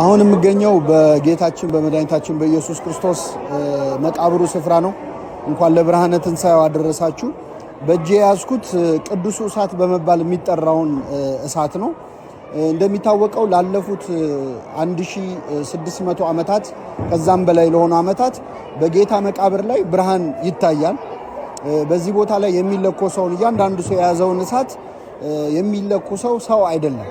አሁን የምገኘው በጌታችን በመድኃኒታችን በኢየሱስ ክርስቶስ መቃብሩ ስፍራ ነው። እንኳን ለብርሃነ ትንሣኤው አደረሳችሁ። በእጅ የያዝኩት ቅዱሱ እሳት በመባል የሚጠራውን እሳት ነው። እንደሚታወቀው ላለፉት 1600 ዓመታት ከዛም በላይ ለሆኑ ዓመታት በጌታ መቃብር ላይ ብርሃን ይታያል። በዚህ ቦታ ላይ የሚለኮሰውን እያንዳንዱ ሰው የያዘውን እሳት የሚለኩሰው ሰው አይደለም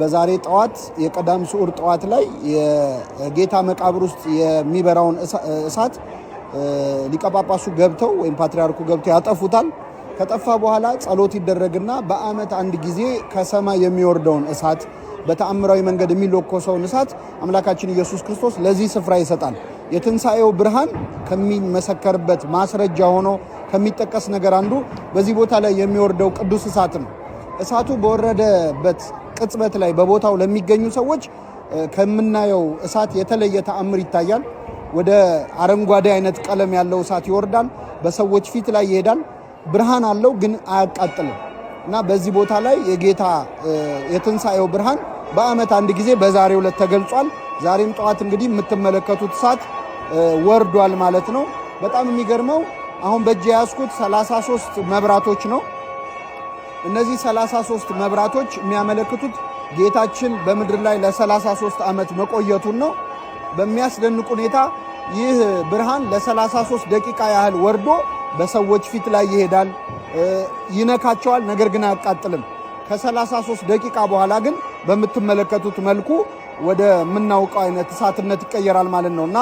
በዛሬ ጠዋት የቀዳም ስዑር ጠዋት ላይ የጌታ መቃብር ውስጥ የሚበራውን እሳት ሊቀጳጳሱ ገብተው ወይም ፓትሪያርኩ ገብተው ያጠፉታል። ከጠፋ በኋላ ጸሎት ይደረግና በዓመት አንድ ጊዜ ከሰማይ የሚወርደውን እሳት በተአምራዊ መንገድ የሚለኮሰውን እሳት አምላካችን ኢየሱስ ክርስቶስ ለዚህ ስፍራ ይሰጣል። የትንሣኤው ብርሃን ከሚመሰከርበት ማስረጃ ሆኖ ከሚጠቀስ ነገር አንዱ በዚህ ቦታ ላይ የሚወርደው ቅዱስ እሳት ነው። እሳቱ በወረደበት ቅጽበት ላይ በቦታው ለሚገኙ ሰዎች ከምናየው እሳት የተለየ ተአምር ይታያል። ወደ አረንጓዴ አይነት ቀለም ያለው እሳት ይወርዳል፣ በሰዎች ፊት ላይ ይሄዳል። ብርሃን አለው ግን አያቃጥልም እና በዚህ ቦታ ላይ የጌታ የትንሣኤው ብርሃን በዓመት አንድ ጊዜ በዛሬው ዕለት ተገልጿል። ዛሬም ጠዋት እንግዲህ የምትመለከቱት እሳት ወርዷል ማለት ነው። በጣም የሚገርመው አሁን በእጅ የያዝኩት 33 መብራቶች ነው። እነዚህ 33 መብራቶች የሚያመለክቱት ጌታችን በምድር ላይ ለ33 ዓመት መቆየቱን ነው። በሚያስደንቅ ሁኔታ ይህ ብርሃን ለ33 ደቂቃ ያህል ወርዶ በሰዎች ፊት ላይ ይሄዳል፣ ይነካቸዋል፣ ነገር ግን አያቃጥልም። ከ33 ደቂቃ በኋላ ግን በምትመለከቱት መልኩ ወደ ምናውቀው አይነት እሳትነት ይቀየራል ማለት ነው እና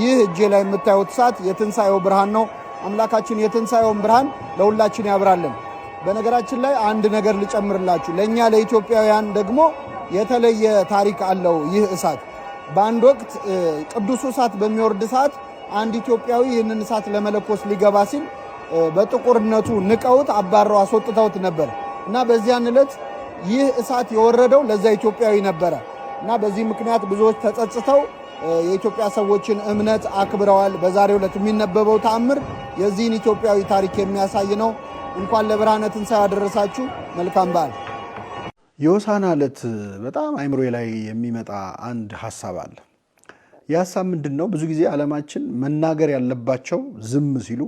ይህ እጄ ላይ የምታዩት እሳት የትንሣኤው ብርሃን ነው። አምላካችን የትንሣኤውን ብርሃን ለሁላችን ያብራለን። በነገራችን ላይ አንድ ነገር ልጨምርላችሁ። ለእኛ ለኢትዮጵያውያን ደግሞ የተለየ ታሪክ አለው ይህ እሳት። በአንድ ወቅት ቅዱሱ እሳት በሚወርድ ሰዓት አንድ ኢትዮጵያዊ ይህንን እሳት ለመለኮስ ሊገባ ሲል በጥቁርነቱ ንቀውት አባረው አስወጥተውት ነበር እና በዚያን ዕለት ይህ እሳት የወረደው ለዛ ኢትዮጵያዊ ነበረ እና በዚህ ምክንያት ብዙዎች ተጸጽተው የኢትዮጵያ ሰዎችን እምነት አክብረዋል። በዛሬው ዕለት የሚነበበው ተአምር የዚህን ኢትዮጵያዊ ታሪክ የሚያሳይ ነው። እንኳን ለብርሃነ ትንሣኤ ያደረሳችሁ። መልካም በዓል። የሆሳዕና ዕለት በጣም አይምሮዬ ላይ የሚመጣ አንድ ሀሳብ አለ። ይህ ሀሳብ ምንድን ነው? ብዙ ጊዜ ዓለማችን መናገር ያለባቸው ዝም ሲሉ፣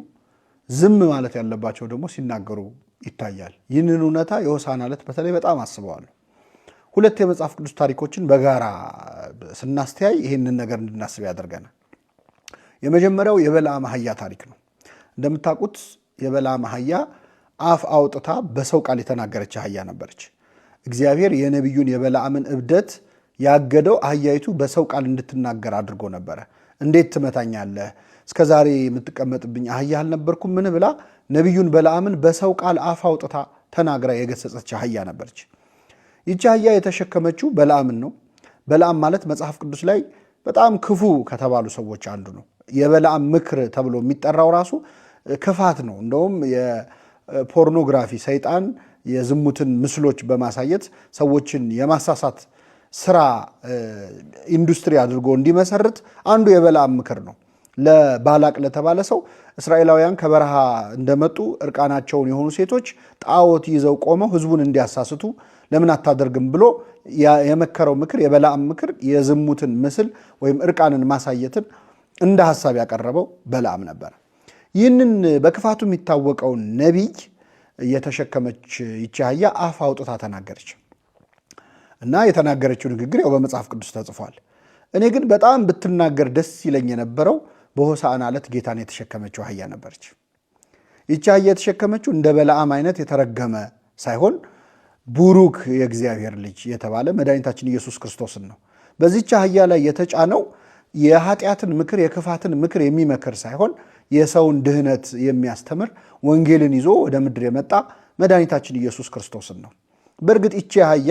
ዝም ማለት ያለባቸው ደግሞ ሲናገሩ ይታያል። ይህንን እውነታ የሆሳዕና ዕለት በተለይ በጣም አስበዋለሁ። ሁለት የመጽሐፍ ቅዱስ ታሪኮችን በጋራ ስናስተያይ ይህንን ነገር እንድናስብ ያደርገናል። የመጀመሪያው የበለዓም አህያ ታሪክ ነው። እንደምታውቁት የበለዓም አህያ አፍ አውጥታ በሰው ቃል የተናገረች አህያ ነበረች። እግዚአብሔር የነቢዩን የበላአምን እብደት ያገደው አህያይቱ በሰው ቃል እንድትናገር አድርጎ ነበረ። እንዴት ትመታኛለህ? እስከ ዛሬ የምትቀመጥብኝ አህያ አልነበርኩም? ምን ብላ ነቢዩን በላአምን በሰው ቃል አፍ አውጥታ ተናግራ የገሰጸች አህያ ነበረች። ይቺ አህያ የተሸከመችው በላአምን ነው። በላም ማለት መጽሐፍ ቅዱስ ላይ በጣም ክፉ ከተባሉ ሰዎች አንዱ ነው። የበለዓም ምክር ተብሎ የሚጠራው ራሱ ክፋት ነው። እንደውም ፖርኖግራፊ ሰይጣን የዝሙትን ምስሎች በማሳየት ሰዎችን የማሳሳት ስራ ኢንዱስትሪ አድርጎ እንዲመሰርት አንዱ የበላም ምክር ነው። ለባላቅ ለተባለ ሰው እስራኤላውያን ከበረሃ እንደመጡ እርቃናቸውን የሆኑ ሴቶች ጣዖት ይዘው ቆመው ህዝቡን እንዲያሳስቱ ለምን አታደርግም ብሎ የመከረው ምክር የበላም ምክር የዝሙትን ምስል ወይም እርቃንን ማሳየትን እንደ ሀሳብ ያቀረበው በላም ነበር። ይህንን በክፋቱ የሚታወቀው ነቢይ እየተሸከመች ይቺ አህያ አፍ አውጥታ ተናገረች እና የተናገረችው ንግግር ያው በመጽሐፍ ቅዱስ ተጽፏል። እኔ ግን በጣም ብትናገር ደስ ይለኝ የነበረው በሆሳዕና ዕለት ጌታን የተሸከመችው አህያ ነበረች። ይቺ አህያ የተሸከመችው እንደ በለዓም አይነት የተረገመ ሳይሆን ቡሩክ የእግዚአብሔር ልጅ የተባለ መድኃኒታችን ኢየሱስ ክርስቶስን ነው። በዚች አህያ ላይ የተጫነው የኃጢአትን ምክር የክፋትን ምክር የሚመክር ሳይሆን የሰውን ድህነት የሚያስተምር ወንጌልን ይዞ ወደ ምድር የመጣ መድኃኒታችን ኢየሱስ ክርስቶስን ነው። በእርግጥ ይቺ አህያ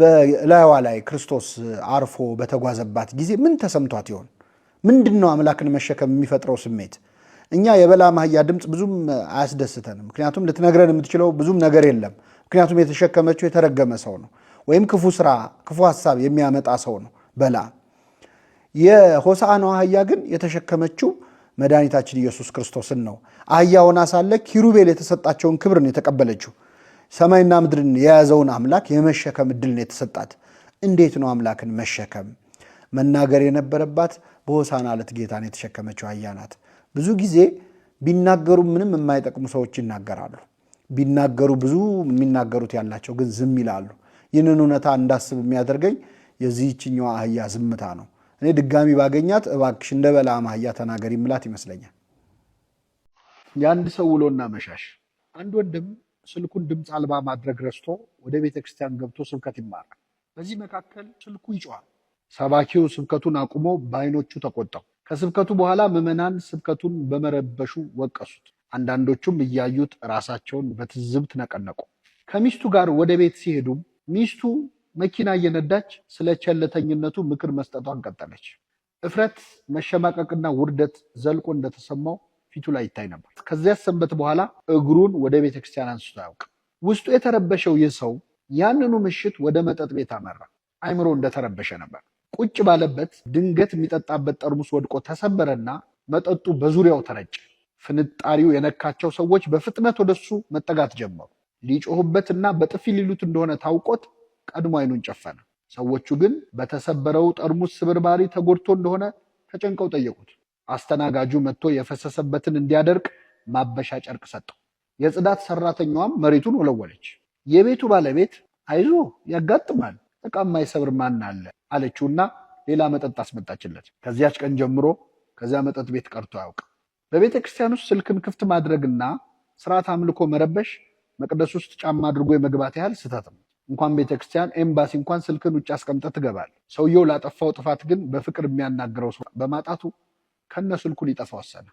በላይዋ ላይ ክርስቶስ አርፎ በተጓዘባት ጊዜ ምን ተሰምቷት ይሆን? ምንድን ነው አምላክን መሸከም የሚፈጥረው ስሜት? እኛ የበላ አህያ ድምፅ ብዙም አያስደስተንም። ምክንያቱም ልትነግረን የምትችለው ብዙም ነገር የለም። ምክንያቱም የተሸከመችው የተረገመ ሰው ነው፣ ወይም ክፉ ስራ፣ ክፉ ሀሳብ የሚያመጣ ሰው ነው በላ የሆሳዕናው አህያ ግን የተሸከመችው መድኃኒታችን ኢየሱስ ክርስቶስን ነው። አህያ ሆና ኪሩቤል የተሰጣቸውን ክብር ነው የተቀበለችው። ሰማይና ምድርን የያዘውን አምላክ የመሸከም እድል ነው የተሰጣት። እንዴት ነው አምላክን መሸከም? መናገር የነበረባት በሆሳዕና ዕለት ጌታን የተሸከመችው አህያ ናት። ብዙ ጊዜ ቢናገሩ ምንም የማይጠቅሙ ሰዎች ይናገራሉ። ቢናገሩ ብዙ የሚናገሩት ያላቸው ግን ዝም ይላሉ። ይህንን እውነታ እንዳስብ የሚያደርገኝ የዚህችኛዋ አህያ ዝምታ ነው። እኔ ድጋሚ ባገኛት እባክሽ እንደ በላ ማህያ ተናገሪ ምላት ይመስለኛል። የአንድ ሰው ውሎና መሻሽ አንድ ወንድም ስልኩን ድምፅ አልባ ማድረግ ረስቶ ወደ ቤተ ክርስቲያን ገብቶ ስብከት ይማራል። በዚህ መካከል ስልኩ ይጮኻል። ሰባኪው ስብከቱን አቁሞ በአይኖቹ ተቆጣው። ከስብከቱ በኋላ ምዕመናን ስብከቱን በመረበሹ ወቀሱት። አንዳንዶቹም እያዩት ራሳቸውን በትዝብት ነቀነቁ። ከሚስቱ ጋር ወደ ቤት ሲሄዱም ሚስቱ መኪና እየነዳች ስለ ቸለተኝነቱ ምክር መስጠቷን ቀጠለች። እፍረት፣ መሸማቀቅና ውርደት ዘልቆ እንደተሰማው ፊቱ ላይ ይታይ ነበር። ከዚያ ሰንበት በኋላ እግሩን ወደ ቤተ ክርስቲያን አንስቶ አያውቅም። ውስጡ የተረበሸው ይህ ሰው ያንኑ ምሽት ወደ መጠጥ ቤት አመራ። አይምሮ እንደተረበሸ ነበር። ቁጭ ባለበት ድንገት የሚጠጣበት ጠርሙስ ወድቆ ተሰበረና መጠጡ በዙሪያው ተረጨ። ፍንጣሪው የነካቸው ሰዎች በፍጥነት ወደሱ መጠጋት ጀመሩ። ሊጮሁበትና በጥፊ ሊሉት እንደሆነ ታውቆት ቀድሞ አይኑን ጨፈነ። ሰዎቹ ግን በተሰበረው ጠርሙስ ስብርባሪ ተጎድቶ እንደሆነ ተጨንቀው ጠየቁት። አስተናጋጁ መጥቶ የፈሰሰበትን እንዲያደርቅ ማበሻ ጨርቅ ሰጠው። የጽዳት ሰራተኛዋም መሬቱን ወለወለች። የቤቱ ባለቤት አይዞ ያጋጥማል፣ ዕቃ የማይሰብር ማን አለ አለችውና ሌላ መጠጥ አስመጣችለት። ከዚያች ቀን ጀምሮ ከዚያ መጠጥ ቤት ቀርቶ አያውቅም። በቤተ ክርስቲያን ውስጥ ስልክን ክፍት ማድረግና ስርዓት አምልኮ መረበሽ መቅደስ ውስጥ ጫማ አድርጎ የመግባት ያህል ስህተት ነው። እንኳን ቤተክርስቲያን ኤምባሲ እንኳን ስልክን ውጭ አስቀምጠ ትገባል። ሰውየው ላጠፋው ጥፋት ግን በፍቅር የሚያናግረው ሰው በማጣቱ ከነ ስልኩ ሊጠፋ ወሰነ።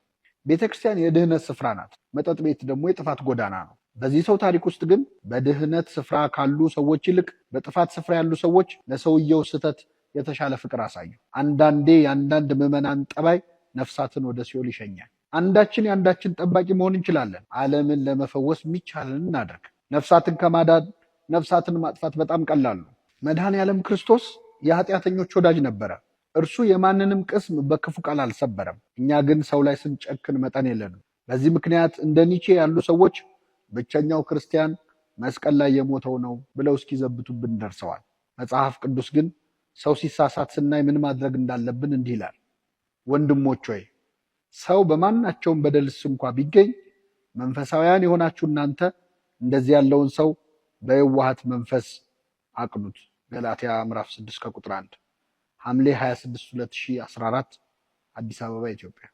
ቤተክርስቲያን የድህነት ስፍራ ናት። መጠጥ ቤት ደግሞ የጥፋት ጎዳና ነው። በዚህ ሰው ታሪክ ውስጥ ግን በድህነት ስፍራ ካሉ ሰዎች ይልቅ በጥፋት ስፍራ ያሉ ሰዎች ለሰውየው ስህተት የተሻለ ፍቅር አሳዩ። አንዳንዴ የአንዳንድ ምዕመናን ጠባይ ነፍሳትን ወደ ሲኦል ይሸኛል። አንዳችን የአንዳችን ጠባቂ መሆን እንችላለን። ዓለምን ለመፈወስ የሚቻለን እናደርግ። ነፍሳትን ከማዳን ነፍሳትን ማጥፋት በጣም ቀላሉ። ነው። ያለም ክርስቶስ የኃጢአተኞች ወዳጅ ነበረ። እርሱ የማንንም ቅስም በክፉ ቃል አልሰበረም። እኛ ግን ሰው ላይ ስንጨክን መጠን የለንም። በዚህ ምክንያት እንደ ኒቼ ያሉ ሰዎች ብቸኛው ክርስቲያን መስቀል ላይ የሞተው ነው ብለው እስኪዘብቱብን ደርሰዋል። መጽሐፍ ቅዱስ ግን ሰው ሲሳሳት ስናይ ምን ማድረግ እንዳለብን እንዲህ ይላል፣ ወንድሞች ሆይ ሰው በማናቸውም በደልስ እንኳ ቢገኝ መንፈሳውያን የሆናችሁ እናንተ እንደዚህ ያለውን ሰው በየዋሃት መንፈስ አቅኑት። ገላትያ ምዕራፍ 6 ከቁጥር 1 ሐምሌ 26 2014 አዲስ አበባ ኢትዮጵያ